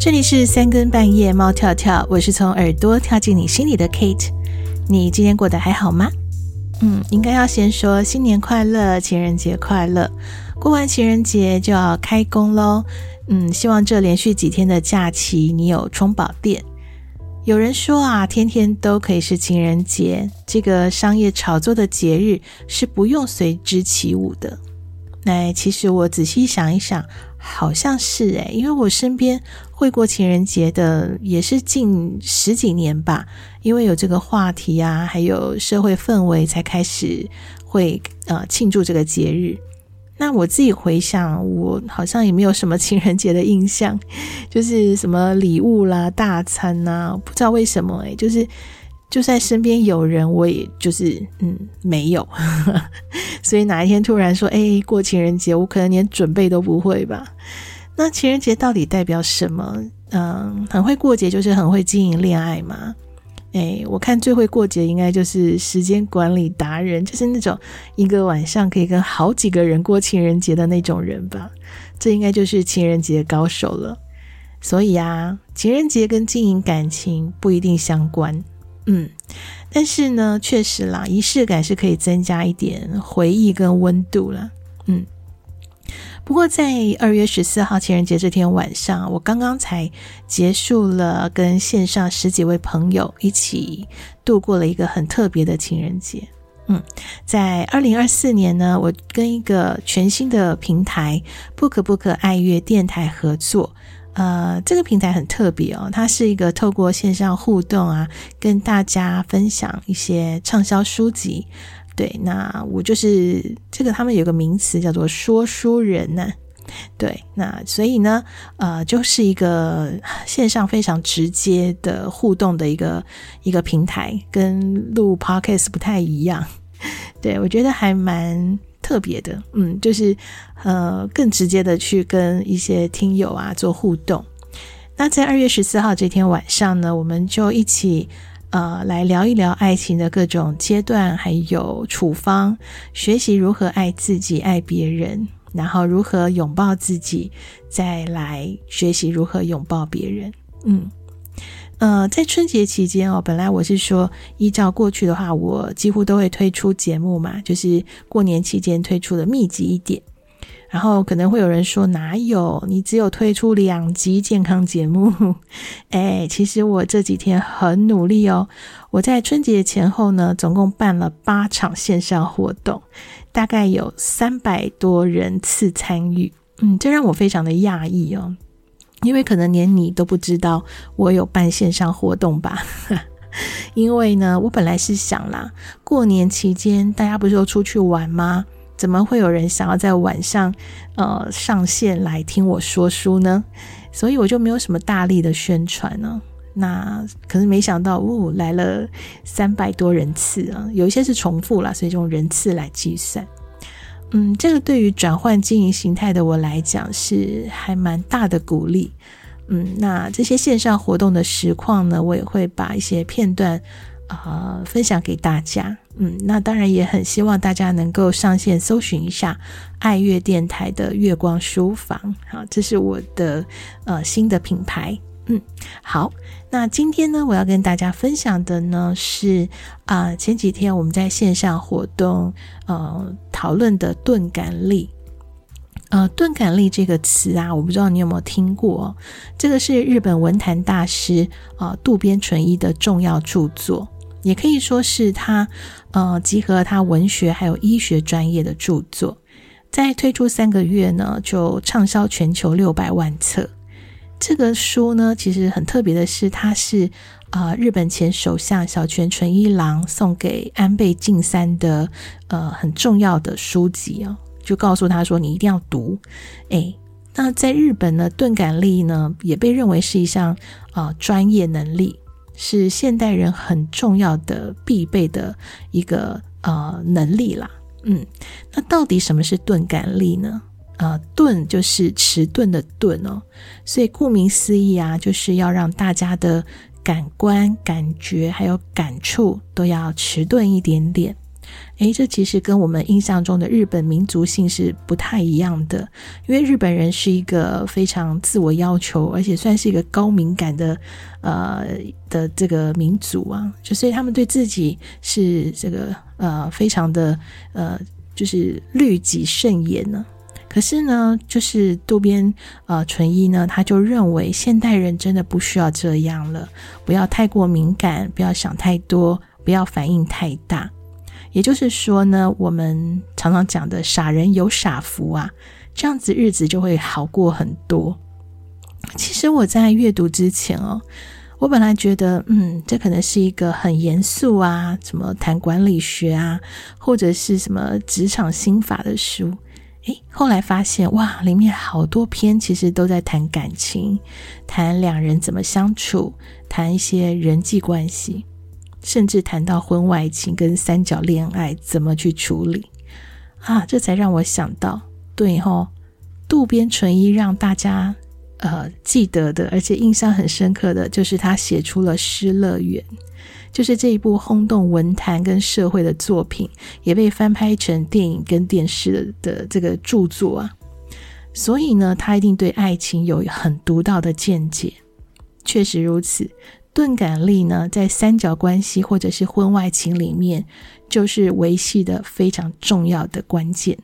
這裡是三更半夜，貓跳跳，我是從耳朵跳進你心裡的 Kate。你今天過得還好嗎？嗯，應該要先說新年快樂，情人節快樂。過完情人節就要開工嘍。嗯，希望這連續幾天的假期你有充飽電。有人說啊，天天都可以是情人節，這個商業炒作的節日是不用隨之起舞的。那其實我仔細想一想。好像是哎，因為我身邊會過情人節的也是近十幾年吧，因為有這個話題啊，還有社會氛圍，才開始會呃慶祝這個節日。那我自己回想，我好像也沒有什麼情人節的印象，就是什麼禮物啦、大餐吶，我不知道為什麼哎，就是。就算身邊有人，我也就是嗯沒有， 所以哪一天突然說欸，過情人節，我可能連準備都不會吧？那情人節到底代表什麼？嗯，很會過節就是很會經營戀愛嘛？欸，我看最會過節應該就是時間管理達人，就是那種一個晚上可以跟好幾個人過情人節的那種人吧？這應該就是情人節高手了。所以啊，情人節跟經營感情不一定相關。嗯，但是呢，確實啦，儀式感是可以增加一點回憶跟溫度啦。嗯，不過在二月十四號情人節這天晚上，我剛剛才結束了跟線上十幾位朋友一起度過了一個很特別的情人節。嗯，在二零二四年呢，我跟一個全新的平台——不可不可愛樂電台合作。呃，這個平台很特別哦，它是一個透過線上互動啊，跟大家分享一些暢銷書籍。對，那我就是這個，他們有個名詞叫做“說書人”呢。對，那所以呢，呃，就是一個線上非常直接的互動的一個一個平台，跟錄 Podcast 不太一樣。對，我覺得還蠻特別的，嗯，就是，呃，更直接的去跟一些聽友啊做互動。那在二月十四號這天晚上呢，我們就一起，呃，來聊一聊愛情的各種階段，還有處方，學習如何愛自己、愛別人，然後如何擁抱自己，再來學習如何擁抱別人。嗯。呃，在春節期間哦，本來我是說，依照過去的話，我幾乎都會推出節目嘛，就是過年期間推出的密集一點。然後可能會有人說，哪有？你只有推出兩集健康節目？哎，其實我這幾天很努力哦，我在春節前後呢，總共辦了八場線上活動，大概有三百多人次參與。嗯，這讓我非常的訝異哦。因為可能連你都不知道我有辦線上活動吧？ 因為呢，我本來是想啦，過年期間大家不是都出去玩嗎？怎麼會有人想要在晚上呃上線來聽我說書呢？所以我就沒有什麼大力的宣傳呢、啊。那可是沒想到，哦，來了三百多人次啊，有一些是重複啦，所以就用人次來計算。嗯，這個對於轉換經營形態的我來講是還蠻大的鼓勵。嗯，那這些線上活動的實況呢，我也會把一些片段啊，呃，分享給大家。嗯，那當然也很希望大家能夠上線搜尋一下愛樂電台的月光書房。好，這是我的呃新的品牌。嗯，好，那今天呢，我要跟大家分享的呢是啊呃，前幾天我們在線上活動呃討論的鈍感力，呃，鈍感力這個詞啊，我不知道你有沒有聽過哦，這個是日本文壇大師啊渡邊淳一的重要著作，也可以說是他呃集合了他文學還有醫學專業的著作，在推出三個月呢，就暢銷全球六百萬冊。這個書呢，其實很特別的是，它是啊、呃、日本前首相小泉純一郎送給安倍晉三的呃很重要的書籍哦，就告訴他說你一定要讀。哎，那在日本呢，鈍感力呢也被認為是一項啊、呃、專業能力，是現代人很重要的必備的一個呃能力啦。嗯，那到底什麼是鈍感力呢？呃，鈍就是遲鈍的鈍哦，所以顧名思義啊，就是要讓大家的感官、感覺還有感觸都要遲鈍一點點。誒，這其實跟我們印象中的日本民族性是不太一樣的，因為日本人是一個非常自我要求，而且算是一個高敏感的呃的這個民族啊，就所以他們對自己是這個呃非常的呃，就是律己慎言呢、啊。可是呢，就是渡邊呃淳一呢，他就認為現代人真的不需要這樣了，不要太過敏感，不要想太多，不要反應太大。也就是說呢，我們常常講的“傻人有傻福”啊，這樣子日子就會好過很多。其實我在閱讀之前哦，我本來覺得嗯，這可能是一個很嚴肅啊，什麼談管理學啊，或者是什麼職場心法的書。哎，後來發現哇，裡面好多篇其實都在談感情，談兩人怎麼相處，談一些人際關係，甚至談到婚外情跟三角戀愛怎麼去處理啊！這才讓我想到，對吼、哦，渡邊淳一讓大家呃記得的，而且印象很深刻的就是他寫出了《失樂園》。就是這一部轟動文壇跟社會的作品，也被翻拍成電影跟電視的，的這個著作啊。所以呢，他一定對愛情有很獨到的見解。確實如此，鈍感力呢，在三角關係或者是婚外情裡面，就是維繫的非常重要的關鍵。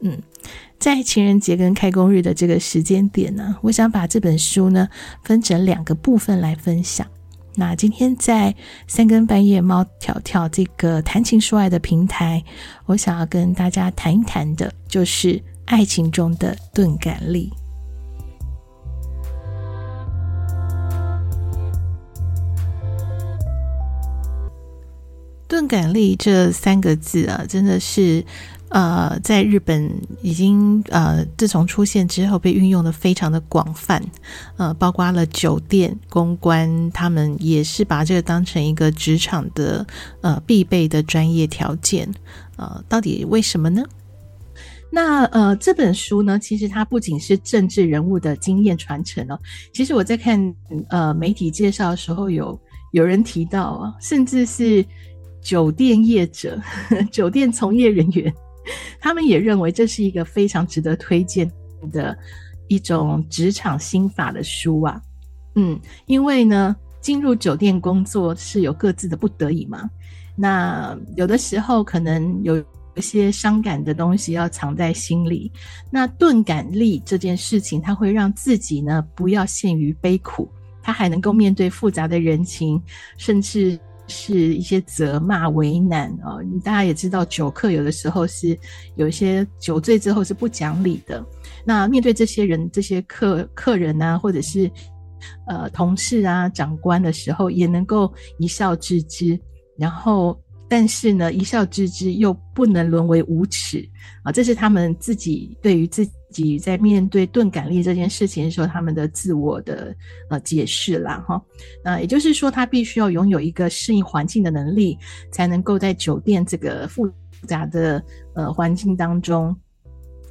嗯，在情人節跟開工日的這個時間點呢，我想把這本書呢分成兩個部分來分享。那今天在三更半夜，貓跳跳這個談情說愛的平台，我想要跟大家談一談的，就是愛情中的鈍感力。鈍感力這三個字啊，真的是。呃，在日本已經呃自從出現之後，被運用的非常的廣泛，呃，包括了酒店公關，他們也是把這個當成一個職場的呃必備的專業條件。呃，到底為什麼呢？那呃這本書呢，其實它不僅是政治人物的經驗傳承哦，其實我在看呃媒體介紹的時候有，有有人提到啊、哦，甚至是酒店業者、呵呵酒店從業人員，他們也認為這是一個非常值得推薦的一種職場心法的書啊，嗯，因為呢，進入酒店工作是有各自的不得已嘛，那有的時候可能有一些傷感的東西要藏在心裡，那鈍感力這件事情，它會讓自己呢不要陷於悲苦，它還能夠面對複雜的人情，甚至。是一些責罵、為難啊！哦、大家也知道，酒客有的時候是有一些酒醉之後是不講理的。那面對這些人、這些客客人啊，或者是呃同事啊、長官的時候，也能夠一笑置之。然後，但是呢，一笑置之又不能淪為無恥啊！這是他們自己對於自。在面對鈍感力這件事情的時候，他們的自我的呃解釋啦，哈、哦，那、呃、也就是說，他必須要擁有一個適應環境的能力，才能夠在酒店這個複雜的呃環境當中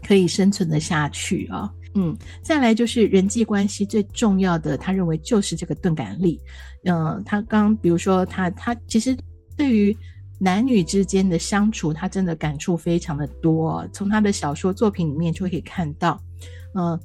可以生存得下去啊、哦。嗯，再來就是人際關係最重要的，他認為就是這個鈍感力。嗯、呃，他剛比如說他他其實對於。男女之間的相處，他真的感觸非常的多、哦。從他的小說作品裡面就可以看到，嗯、呃，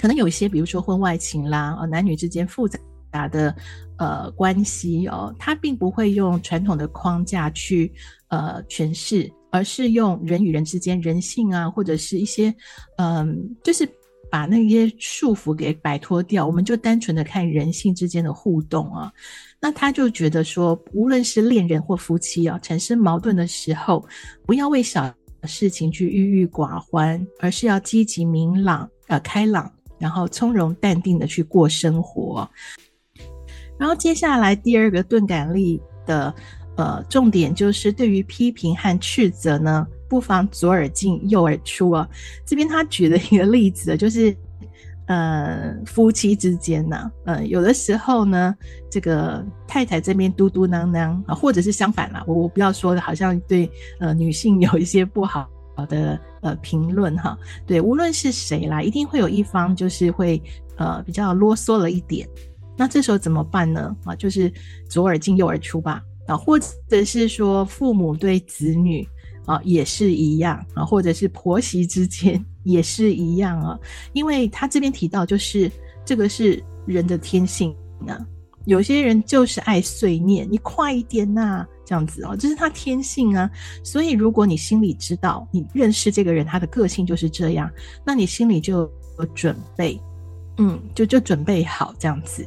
可能有一些，比如說婚外情啦，呃、男女之間複雜的呃關係哦、呃，他並不會用傳統的框架去呃詮釋，而是用人與人之間人性啊，或者是一些嗯、呃，就是把那些束縛給擺脫掉，我們就單純的看人性之間的互動啊。那他就覺得說，無論是戀人或夫妻啊，產生矛盾的時候，不要為小事情去鬱鬱寡歡，而是要積極、明朗、呃開朗，然後從容淡定的去過生活。然後接下來第二個鈍感力的呃重點就是對於批評和斥責呢，不妨左耳進右耳出啊。這邊他舉了一個例子，就是。呃，夫妻之間呢，呃，有的時候呢，這個太太這邊嘟嘟囔囔啊，或者是相反啦，我我不要說的好像對呃女性有一些不好的呃評論哈，對，無論是誰啦，一定會有一方就是會呃比較囉嗦了一點，那這時候怎麼辦呢？啊，就是左耳進右耳出吧，啊，或者是說父母對子女啊也是一樣啊，或者是婆媳之間。也是一樣啊，哦，因為他這邊提到，就是這個是人的天性啊，有些人就是愛碎念，你快一點吶，啊，這樣子哦。這，就是他天性啊。所以如果你心裡知道，你認識這個人，他的個性就是這樣，那你心裡就有準備，嗯，就就準備好這樣子。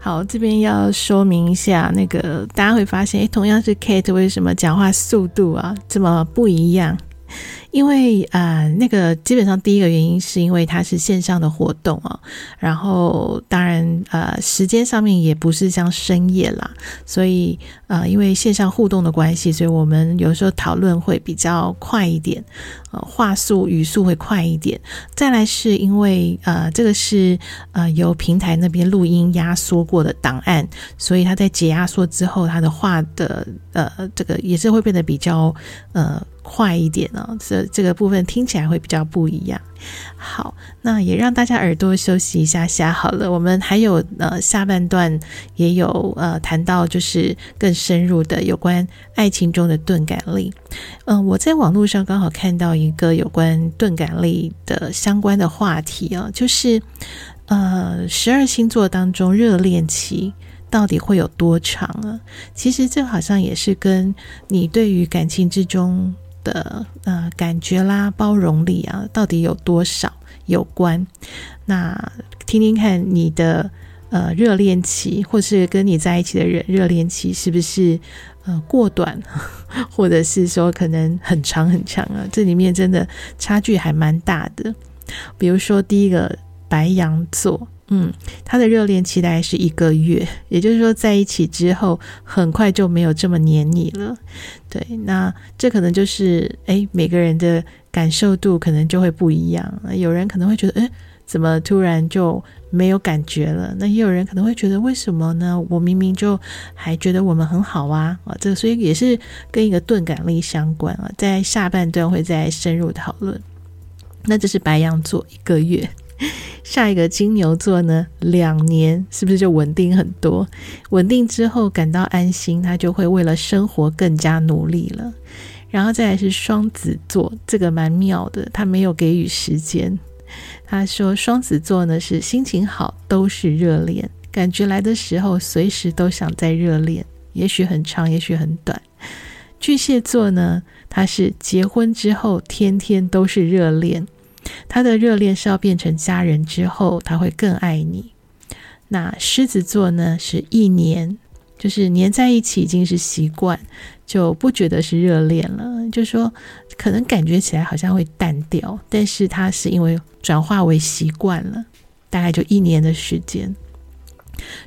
好，這邊要說明一下，那個大家會發現，同樣是 Kate，為什麼講話速度啊這麼不一樣？因為呃，那個基本上第一個原因是因為它是線上的活動啊，然後當然呃，時間上面也不是像深夜啦，所以呃，因為線上互動的關係，所以我們有時候討論會比較快一點，呃，話速語速會快一點。再來是因為呃，這個是呃由平台那邊錄音壓縮過的檔案，所以它在解壓縮之後，它的話的呃這個也是會變得比較呃快一點啊，這個部分聽起來會比較不一樣。好，那也讓大家耳朵休息一下下好了。我們還有呃下半段也有呃談到，就是更深入的有關愛情中的鈍感力。嗯、呃，我在網絡上剛好看到一個有關鈍感力的相關的話題啊，就是呃十二星座當中熱戀期到底會有多長啊？其實這好像也是跟你對於感情之中的呃感覺啦，包容力啊，到底有多少有關？那聽聽看你的呃熱戀期，或是跟你在一起的人熱戀期，是不是呃過短，或者是說可能很長很長啊？這裡面真的差距還蠻大的。比如說第一個白羊座。嗯，他的熱戀期待是一個月，也就是說，在一起之後很快就沒有這麼黏膩了。對，那這可能就是誒、欸，每個人的感受度可能就會不一樣。有人可能會覺得，誒、欸，怎麼突然就沒有感覺了？那也有人可能會覺得，為什麼呢？我明明就還覺得我們很好啊！啊，這個、所以也是跟一個鈍感力相關啊。在下半段會再深入討論。那這是白羊座一個月。下一個金牛座呢，兩年，是不是就穩定很多？穩定之後感到安心，他就會為了生活更加努力了。然後再來是雙子座，這個蠻妙的，他沒有給予時間。他說雙子座呢，是心情好都是熱戀，感覺來的時候隨時都想再熱戀，也許很長，也許很短。巨蟹座呢，他是結婚之後天天都是熱戀。他的熱戀是要變成家人之後，他會更愛你。那獅子座呢？是一年，就是黏在一起已經是習慣，就不覺得是熱戀了。就說可能感覺起來好像會淡掉，但是他是因為轉化為習慣了，大概就一年的時間。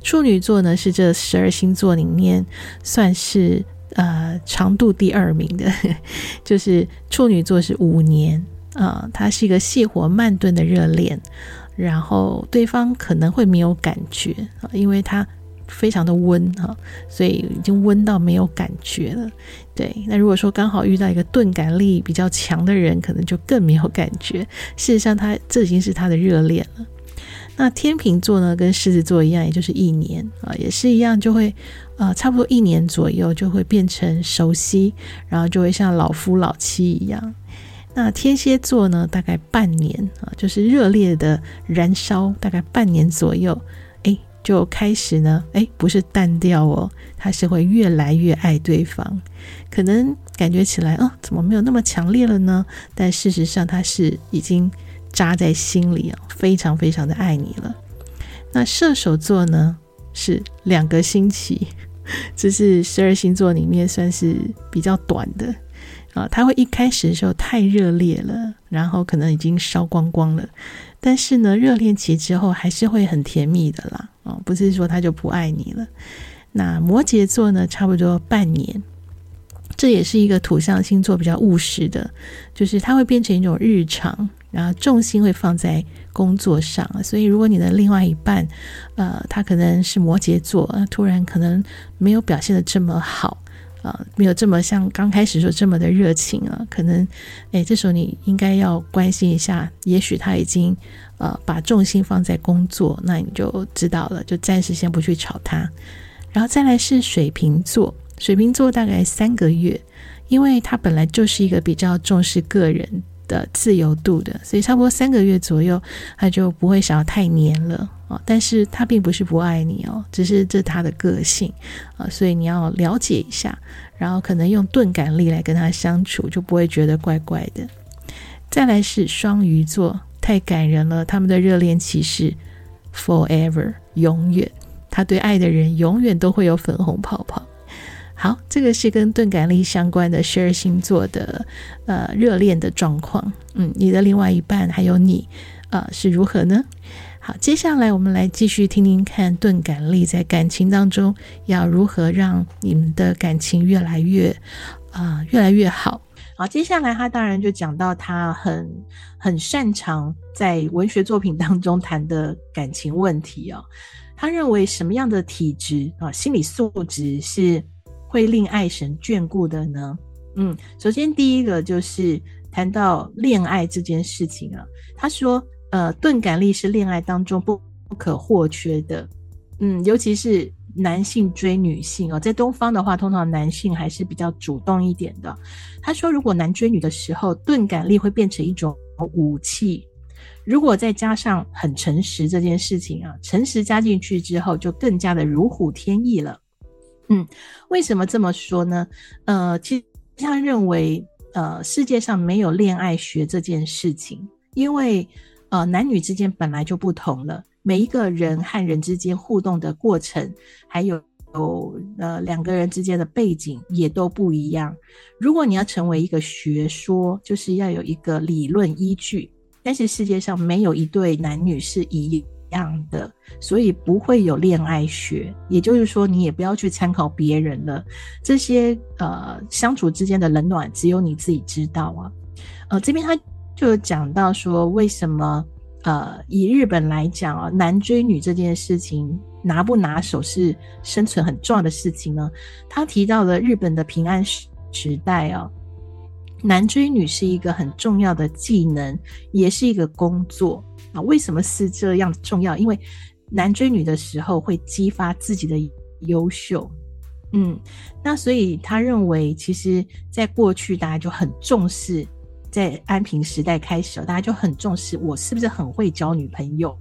處女座呢，是這十二星座裡面算是呃長度第二名的， 就是處女座是五年。啊，他、嗯、是一個細火慢燉的熱戀，然後對方可能會沒有感覺，因為他非常的溫啊，所以已經溫到沒有感覺了。對，那如果說剛好遇到一個鈍感力比較強的人，可能就更沒有感覺。事實上，他這已經是他的熱戀了。那天秤座呢，跟獅子座一樣，也就是一年啊，也是一樣，就會呃，差不多一年左右就會變成熟悉，然後就會像老夫老妻一樣。那天蠍座呢，大概半年啊，就是熱烈的燃燒，大概半年左右，哎、欸，就開始呢，哎、欸，不是淡掉哦，他是會越來越愛對方，可能感覺起來啊、嗯，怎麼沒有那麼強烈了呢？但事實上他是已經扎在心裡啊，非常非常的愛你了。那射手座呢，是兩個星期，這、就是十二星座裡面算是比較短的。啊，他、呃、會一開始的時候太熱烈了，然後可能已經燒光光了。但是呢，熱戀期之後還是會很甜蜜的啦。哦，不是說他就不愛你了。那摩羯座呢，差不多半年，這也是一個土象星座比較務實的，就是他會變成一種日常，然後重心會放在工作上。所以如果你的另外一半，呃，他可能是摩羯座，突然可能沒有表現得這麼好。呃，沒有這麼像剛開始說這麼的熱情啊，可能，哎、欸，這時候你應該要關心一下，也許他已經，呃，把重心放在工作，那你就知道了，就暫時先不去吵他，然後再來是水瓶座，水瓶座大概三個月，因為他本來就是一個比較重視個人的自由度的，所以差不多三個月左右，他就不會想要太黏了啊、哦。但是他並不是不愛你哦，只是這是他的個性啊、哦，所以你要了解一下，然後可能用鈍感力來跟他相處，就不會覺得怪怪的。再來是雙魚座，太感人了，他們的熱戀期是 forever 永遠，他對愛的人永遠都會有粉紅泡泡。好，這個是跟鈍感力相關的十二星座的，呃，熱戀的狀況。嗯，你的另外一半還有你，呃，是如何呢？好，接下來我們來繼續聽聽看鈍感力在感情當中要如何讓你們的感情越來越，呃，越來越好。好，接下來他當然就講到他很很擅長在文學作品當中談的感情問題哦。他認為什麼樣的體質啊，呃，心理素質是。會令愛神眷顧的呢？嗯，首先第一個就是談到戀愛這件事情啊。他說，呃，鈍感力是戀愛當中不不可或缺的。嗯，尤其是男性追女性哦，在東方的話，通常男性還是比較主動一點的。他說，如果男追女的時候，鈍感力會變成一種武器。如果再加上很誠實這件事情啊，誠實加進去之後，就更加的如虎添翼了。嗯，為什麼這麼說呢？呃，其實他認為，呃，世界上沒有戀愛學這件事情，因為呃，男女之間本來就不同了，每一個人和人之間互動的過程，還有有呃兩個人之間的背景也都不一樣。如果你要成為一個學說，就是要有一個理論依據，但是世界上沒有一對男女是一。樣的，所以不會有戀愛學，也就是說，你也不要去參考別人了。這些呃，相處之間的冷暖，只有你自己知道啊。呃，這邊他就講到說，為什麼呃，以日本來講啊，男追女這件事情拿不拿手是生存很重要的事情呢？他提到了日本的平安時代啊。男追女是一個很重要的技能，也是一個工作啊。為什麼是這樣重要？因為男追女的時候會激發自己的優秀。嗯，那所以他認為，其實在過去大家就很重視，在安平時代開始，大家就很重視我是不是很會交女朋友。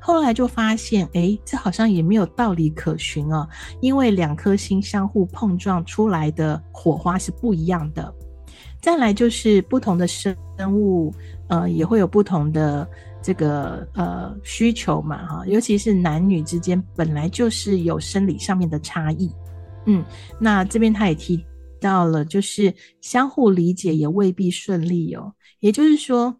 後來就發現，哎，這好像也沒有道理可循啊，因為兩顆心相互碰撞出來的火花是不一樣的。再來就是不同的生物，呃，也會有不同的這個呃需求嘛，哈，尤其是男女之間本來就是有生理上面的差異，嗯，那這邊他也提到了，就是相互理解也未必順利哦，也就是說，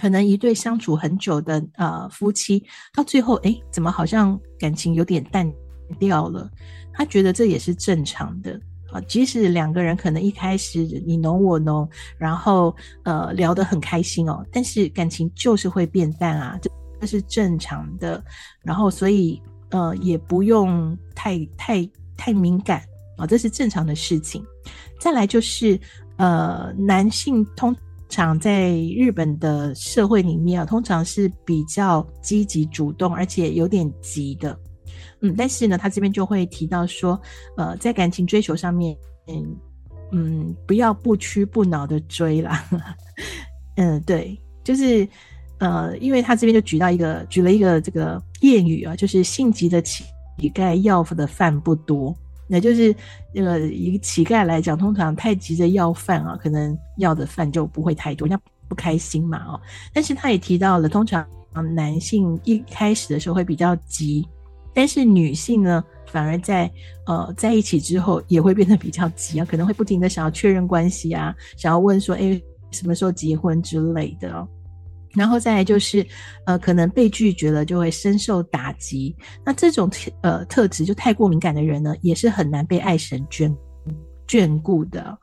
可能一對相處很久的呃夫妻到最後，哎，怎麼好像感情有點淡掉了？他覺得這也是正常的。啊，即使兩個人可能一開始你儂我儂，然後呃聊得很開心哦，但是感情就是會變淡啊，這是正常的。然後所以呃也不用太太太敏感啊，哦，這是正常的事情。再來就是呃男性通常在日本的社會裡面啊，通常是比較積極主動，而且有點急的。嗯，但是呢，他這邊就會提到說，呃，在感情追求上面，嗯嗯，不要不屈不撓的追啦。 嗯，對，就是呃，因為他這邊就舉到一個舉了一個這個諺語啊，就是“性急的乞丐要的飯不多”，那就是那個一個乞丐來講，通常太急着要飯啊，可能要的飯就不會太多，人家不開心嘛哦。但是他也提到了，通常男性一開始的時候會比較急。但是女性呢，反而在呃在一起之後也會變得比較急啊，可能會不停的想要確認關係啊，想要問說，欸，什麼時候結婚之類的。然後再來就是，呃，可能被拒絕了就會深受打擊。那這種呃特質就太過敏感的人呢，也是很難被愛神眷眷顧的。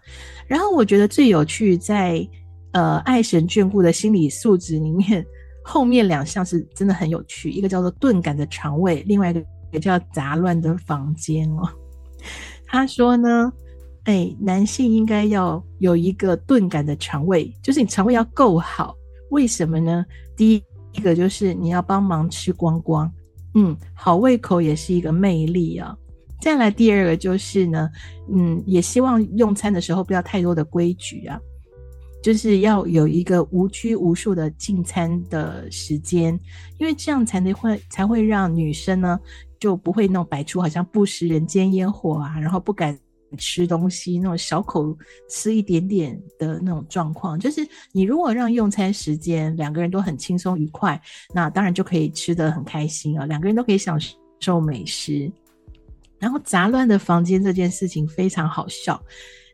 然後我覺得最有趣在呃愛神眷顧的心理素質裡面，後面兩項是真的很有趣，一個叫做鈍感的腸胃，另外一個也叫雜亂的房間哦。他說呢，哎，男性應該要有一個鈍感的腸胃，就是你腸胃要夠好。為什麼呢？第一，一個就是你要幫忙吃光光，嗯，好胃口也是一個魅力啊。再來第二個就是呢，嗯，也希望用餐的時候不要太多的規矩啊。就是要有一個無拘無束的進餐的時間，因為這樣才會才會讓女生呢就不會那種擺出好像不食人間煙火啊，然後不敢吃東西那種小口吃一點點的那種狀況。就是你如果讓用餐時間兩個人都很輕鬆愉快，那當然就可以吃得很開心啊，哦，兩個人都可以享受美食。然後雜亂的房間這件事情非常好笑，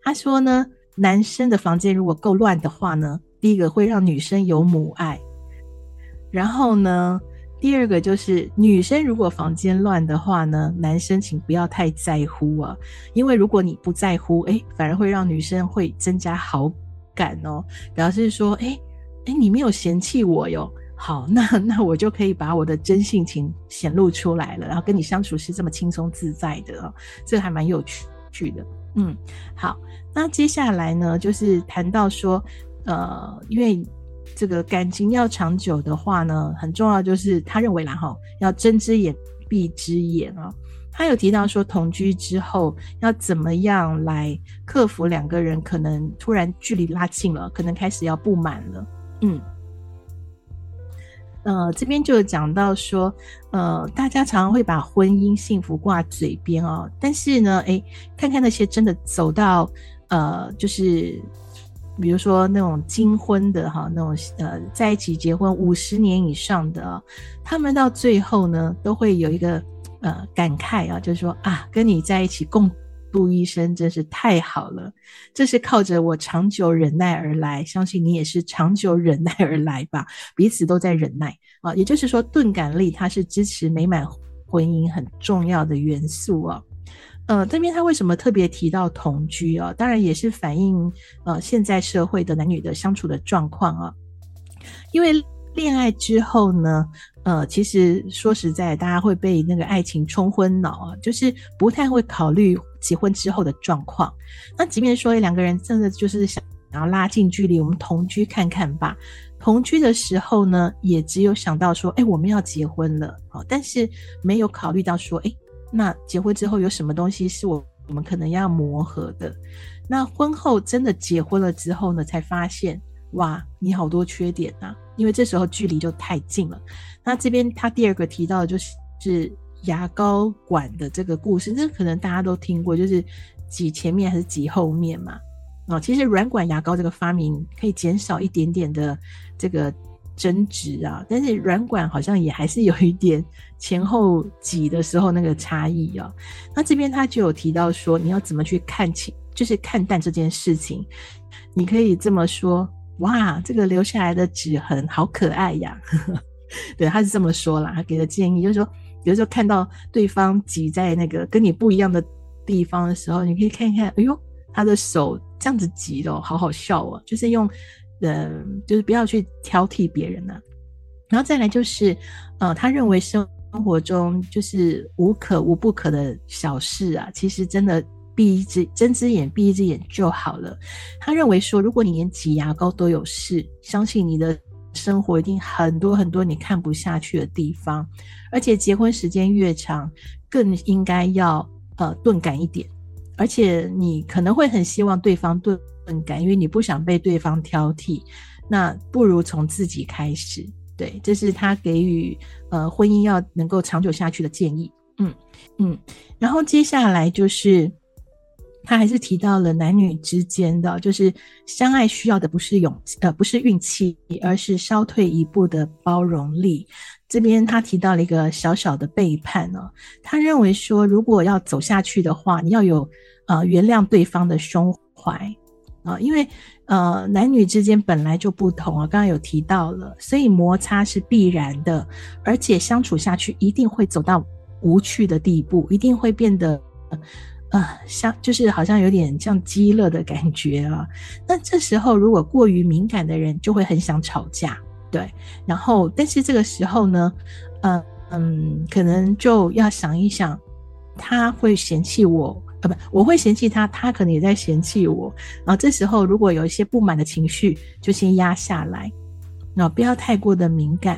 他說呢。男生的房間如果夠亂的話呢，第一個會讓女生有母愛，然後呢，第二個就是女生如果房間亂的話呢，男生請不要太在乎啊，因為如果你不在乎，哎，反而會讓女生會增加好感哦。表示說，哎，哎，你沒有嫌棄我喲，好，那那我就可以把我的真性情顯露出來了，然後跟你相處是這麼輕鬆自在的哦，這個還蠻有趣趣的。嗯，好，那接下來呢，就是談到說，呃，因為這個感情要長久的話呢，很重要就是他認為啦，吼、哦，要睜隻眼閉隻眼啊、哦。他有提到說，同居之後要怎麼樣來克服兩個人可能突然距離拉近了，可能開始要不滿了，嗯。呃，這邊就講到說，呃，大家常常會把婚姻幸福掛嘴邊哦，但是呢，哎、欸，看看那些真的走到，呃，就是，比如說那種金婚的哈、哦，那種呃，在一起結婚五十年以上的、哦，他們到最後呢，都會有一個呃感慨啊、哦，就是說啊，跟你在一起共度一生真是太好了，這是靠着我長久忍耐而來，相信你也是長久忍耐而來吧，彼此都在忍耐啊、呃。也就是說，鈍感力它是支持美滿婚姻很重要的元素啊、哦。呃，這邊他為什麼特別提到同居啊、哦？當然也是反映、呃、現在社會的男女的相處的狀況啊，因為戀愛之後呢。呃，其實說實在，大家會被那個愛情沖昏腦啊，就是不太會考慮結婚之後的狀況。那即便說兩個人真的就是想要拉近距離，我們同居看看吧。同居的時候呢，也只有想到說，哎，我們要結婚了，但是沒有考慮到說，哎，那結婚之後有什麼東西是我我們可能要磨合的。那婚後真的結婚了之後呢，才發現。哇，你好多缺點啊，因為這時候距離就太近了。那這邊他第二個提到的就是、就是牙膏管的這個故事，這可能大家都聽過，就是擠前面還是擠後面嘛？啊、哦，其實軟管牙膏這個發明可以減少一點點的這個爭執啊，但是軟管好像也還是有一點前後擠的時候那個差異啊。那這邊他就有提到說，你要怎麼去看清，就是看淡這件事情，你可以這麼說。哇，這個留下來的指痕好可愛呀！ 對，他是這麼說啦，他給的建議就是說，比如說看到對方擠在那個跟你不一樣的地方的時候，你可以看一看，哎呦，他的手這樣子擠的、哦，好好笑哦，就是用，呃、嗯，就是不要去挑剔別人吶、啊。然後再來就是，呃，他認為生活中就是無可無不可的小事啊，其實真的。閉一只睜一隻眼，閉一只眼就好了。他認為說，如果你連擠牙膏都有事，相信你的生活一定很多很多你看不下去的地方。而且結婚時間越長，更應該要呃鈍感一點。而且你可能會很希望對方鈍感，因為你不想被對方挑剔。那不如從自己開始。對，這是他給予呃婚姻要能夠長久下去的建議。嗯嗯，然後接下來就是。他還是提到了男女之間的，就是相愛需要的不是勇氣，呃，不是運氣，而是稍退一步的包容力。這邊他提到了一個小小的背叛啊，他認為說，如果要走下去的話，你要有啊，呃，原諒對方的胸懷啊，呃，因為，呃，男女之間本來就不同啊，剛剛有提到了，所以摩擦是必然的，而且相處下去一定會走到無趣的地步，一定會變得，呃啊，像就是好像有點像飢餓的感覺啊。那這時候如果過於敏感的人，就會很想吵架，對。然後，但是這個時候呢，嗯嗯，可能就要想一想，他會嫌棄我啊，不、呃，我會嫌棄他，他可能也在嫌棄我啊。然後這時候如果有一些不滿的情緒，就先壓下來，啊，不要太過的敏感。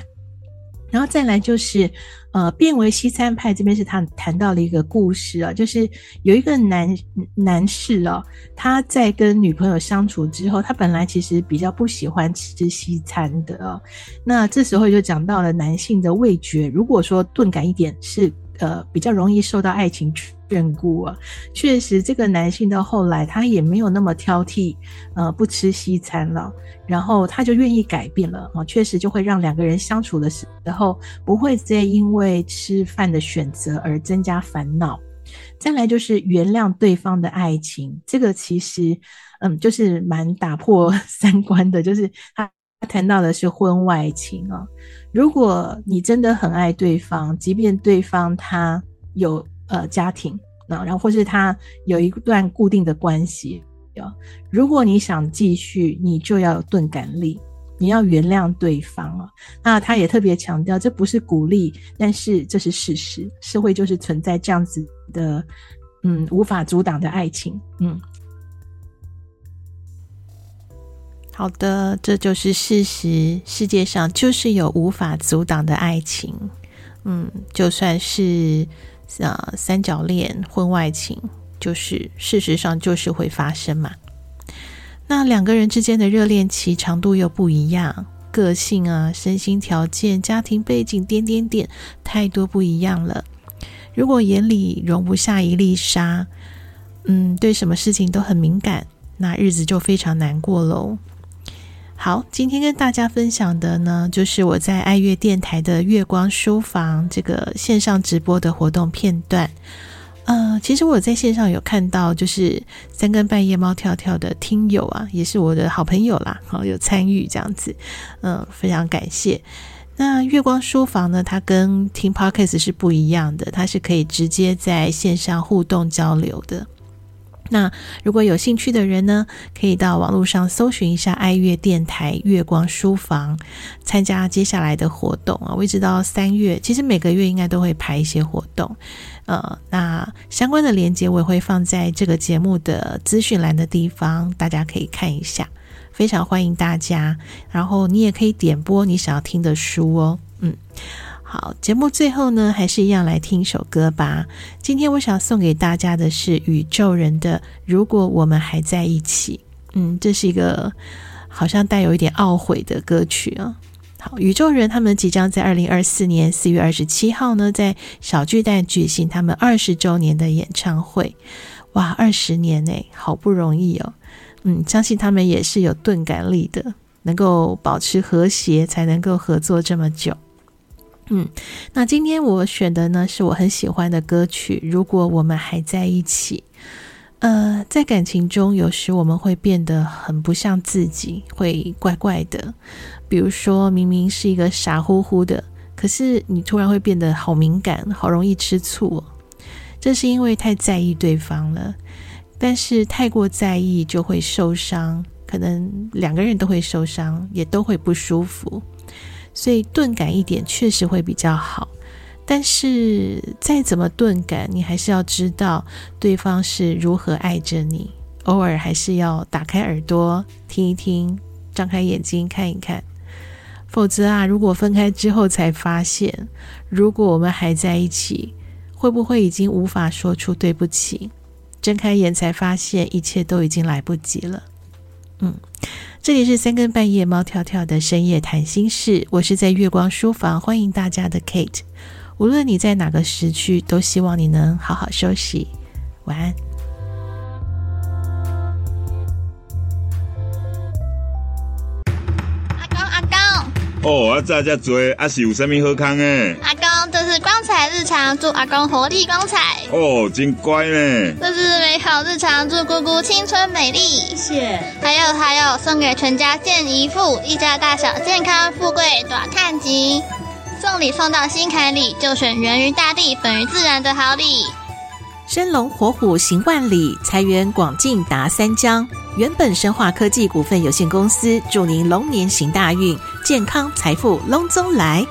然後再來就是，呃，變為西餐派這邊是他談，談到了一個故事啊。哦，就是有一個男男士哦，他在跟女朋友相處之後，他本來其實比較不喜歡吃西餐的，哦，那這時候就講到了男性的味覺，如果說鈍感一點是，呃，比較容易受到愛情眷顧啊。確實，這個男性到後來他也沒有那麼挑剔，呃，不吃西餐了，然後他就願意改變了啊。確實，就會讓兩個人相處的時候，不會再因為吃飯的選擇而增加煩惱。再來就是原諒對方的愛情，這個其實，嗯，就是蠻打破三觀的，就是他，他談到的是婚外情啊。如果你真的很愛對方，即便對方他有呃家庭啊，然後或是他有一段固定的關係，有，啊，如果你想繼續，你就要有鈍感力，你要原諒對方啊。那他也特別強調，這不是鼓勵，但是這是事實，社會就是存在這樣子的，嗯，無法阻擋的愛情，嗯。好的，這就是事實。世界上就是有無法阻擋的愛情，嗯，就算是啊三角戀、婚外情，就是事實上就是會發生嘛。那兩個人之間的熱戀期長度又不一樣，個性啊、身心條件、家庭背景，點點點，太多不一樣了。如果眼裡容不下一粒沙，嗯，對什麼事情都很敏感，那日子就非常難過嘍。好，今天跟大家分享的呢，就是我在愛樂電台的月光書房這個線上直播的活動片段。呃，其實我在線上有看到，就是三更半夜貓跳跳的聽友啊，也是我的好朋友啦，好、哦、有參與這樣子，嗯、呃，非常感謝。那月光書房呢，它跟聽 Podcast 是不一樣的，它是可以直接在線上互動交流的。那如果有興趣的人呢，可以到網絡上搜尋一下愛樂電台月光書房，參加接下來的活動啊。我一直到三月，其實每個月應該都會排一些活動。呃，那相關的連結我也會放在這個節目的資訊欄的地方，大家可以看一下。非常歡迎大家，然後你也可以點播你想要聽的書哦。嗯。好，節目最後呢，還是一樣來聽一首歌吧。今天我想送給大家的是宇宙人的《如果我們還在一起》。嗯，這是一個好像帶有一點懊悔的歌曲啊。好，宇宙人他們即將在二零二四年四月二十七號呢，在小巨蛋舉行他們二十週年的演唱會。哇，二十年呢，好不容易哦。嗯，相信他們也是有鈍感力的，能夠保持和諧，才能夠合作這麼久。嗯，那今天我選的呢是我很喜歡的歌曲《如果我們還在一起》。呃，在感情中，有時我們會變得很不像自己，會怪怪的。比如說明明是一個傻乎乎的，可是你突然會變得好敏感，好容易吃醋哦，這是因為太在意對方了。但是太過在意就會受傷，可能兩個人都會受傷，也都會不舒服。所以鈍感一點確實會比較好，但是再怎麼鈍感，你還是要知道對方是如何愛着你。偶爾還是要打開耳朵聽一聽，張開眼睛看一看。否則啊，如果分開之後才發現，如果我們還在一起，會不會已經無法說出對不起？睜開眼才發現，一切都已經來不及了。嗯。這裡是三更半夜，貓跳跳的深夜談心室。我是在月光書房，歡迎大家的 Kate。無論你在哪個時區，都希望你能好好休息，晚安。阿公阿公，阿公哦，阿仔這做阿、啊、是有什咪好康誒？阿光彩日常，祝阿公活力光彩哦，真乖呢！這是美好日常，祝姑姑青春美麗。謝謝。還有還有，送給全家健宜富，一家大小健康富貴短嘆吉。送禮送到心坎裡，就選源於大地、本於自然的好禮。生龍活虎行萬里，財源廣進達三江。原本生化科技股份有限公司，祝您龍年行大運，健康財富龍中來。